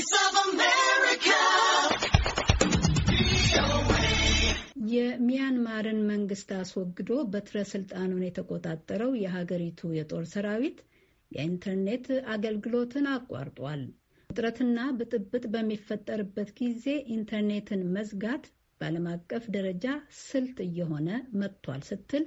Voice of America. የሚያንማርን መንግስት አስወግዶ በትረ ስልጣኑን የተቆጣጠረው የሀገሪቱ የጦር ሰራዊት የኢንተርኔት አገልግሎትን አቋርጧል። ውጥረትና ብጥብጥ በሚፈጠርበት ጊዜ ኢንተርኔትን መዝጋት በዓለም አቀፍ ደረጃ ስልት እየሆነ መጥቷል ስትል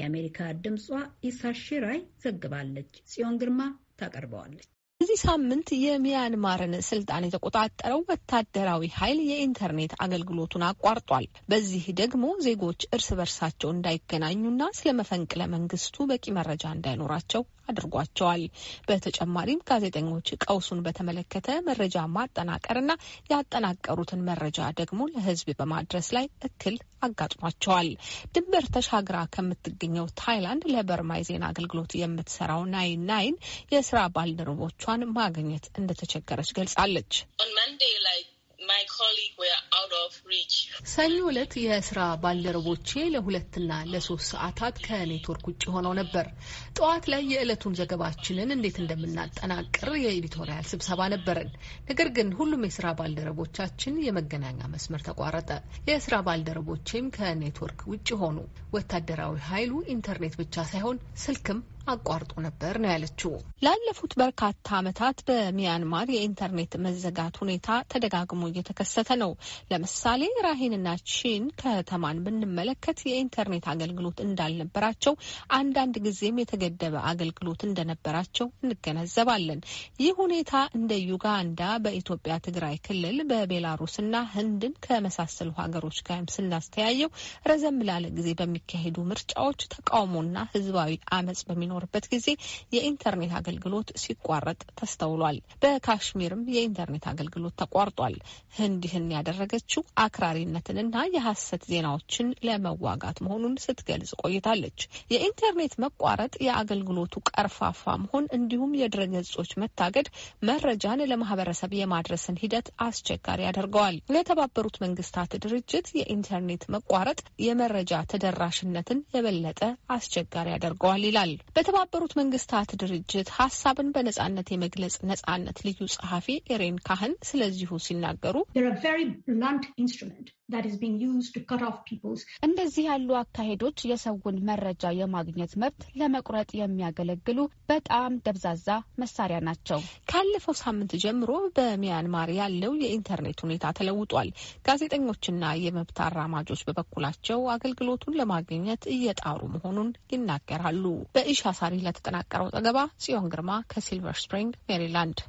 የአሜሪካ ድምጿ ኢሳሺራይ ዘግባለች። ጽዮን ግርማ ታቀርበዋለች። በዚህ ሳምንት የሚያንማርን ስልጣን የተቆጣጠረው ወታደራዊ ኃይል የኢንተርኔት አገልግሎቱን አቋርጧል። በዚህ ደግሞ ዜጎች እርስ በርሳቸው እንዳይገናኙና ስለ መፈንቅለ መንግስቱ በቂ መረጃ እንዳይኖራቸው አድርጓቸዋል። በተጨማሪም ጋዜጠኞች ቀውሱን በተመለከተ መረጃ ማጠናቀርና ያጠናቀሩትን መረጃ ደግሞ ለሕዝብ በማድረስ ላይ እክል አጋጥሟቸዋል። ድንበር ተሻግራ ከምትገኘው ታይላንድ ለበርማ የዜና አገልግሎት የምትሰራው ናይን ናይን የስራ ባልደረቦች ልጆቿን ማግኘት እንደተቸገረች ገልጻለች። ሰኞ ዕለት የስራ ባልደረቦቼ ለሁለትና ለሶስት ሰዓታት ከኔትወርክ ውጭ ሆነው ነበር። ጠዋት ላይ የዕለቱን ዘገባችንን እንዴት እንደምናጠናቅር የኤዲቶሪያል ስብሰባ ነበረን። ነገር ግን ሁሉም የስራ ባልደረቦቻችን የመገናኛ መስመር ተቋረጠ። የስራ ባልደረቦቼም ከኔትወርክ ውጭ ሆኑ። ወታደራዊ ኃይሉ ኢንተርኔት ብቻ ሳይሆን ስልክም አቋርጦ ነበር ነው ያለችው። ላለፉት በርካታ ዓመታት በሚያንማር የኢንተርኔት መዘጋት ሁኔታ ተደጋግሞ እየተከሰተ ነው። ለምሳሌ ራሂንና ቺን ከተማን ብንመለከት የኢንተርኔት አገልግሎት እንዳልነበራቸው፣ አንዳንድ ጊዜም የተገደበ አገልግሎት እንደነበራቸው እንገነዘባለን። ይህ ሁኔታ እንደ ዩጋንዳ፣ በኢትዮጵያ ትግራይ ክልል፣ በቤላሩስና ህንድን ከመሳሰሉ ሀገሮች ጋርም ስናስተያየው ረዘም ላለ ጊዜ በሚካሄዱ ምርጫዎች ተቃውሞና ህዝባዊ አመጽ በሚኖ በሚኖርበት ጊዜ የኢንተርኔት አገልግሎት ሲቋረጥ ተስተውሏል። በካሽሚርም የኢንተርኔት አገልግሎት ተቋርጧል። ህንድ ይህን ያደረገችው አክራሪነትንና የሀሰት ዜናዎችን ለመዋጋት መሆኑን ስትገልጽ ቆይታለች። የኢንተርኔት መቋረጥ፣ የአገልግሎቱ ቀርፋፋ መሆን እንዲሁም የድረ ገጾች መታገድ መረጃን ለማህበረሰብ የማድረስን ሂደት አስቸጋሪ ያደርገዋል። የተባበሩት መንግስታት ድርጅት የኢንተርኔት መቋረጥ የመረጃ ተደራሽነትን የበለጠ አስቸጋሪ ያደርገዋል ይላል። በተባበሩት መንግስታት ድርጅት ሀሳብን በነጻነት የመግለጽ ነጻነት ልዩ ጸሐፊ ኤሬን ካህን ስለዚሁ ሲናገሩ እንደዚህ ያሉ አካሄዶች የሰውን መረጃ የማግኘት መብት ለመቁረጥ የሚያገለግሉ በጣም ደብዛዛ መሳሪያ ናቸው። ካለፈው ሳምንት ጀምሮ በሚያንማር ያለው የኢንተርኔት ሁኔታ ተለውጧል። ጋዜጠኞችና የመብት አራማጆች በበኩላቸው አገልግሎቱን ለማግኘት እየጣሩ መሆኑን ይናገራሉ። በኢሻሳሪ ለተጠናቀረው ዘገባ ጽዮን ግርማ ከሲልቨር ስፕሪንግ ሜሪላንድ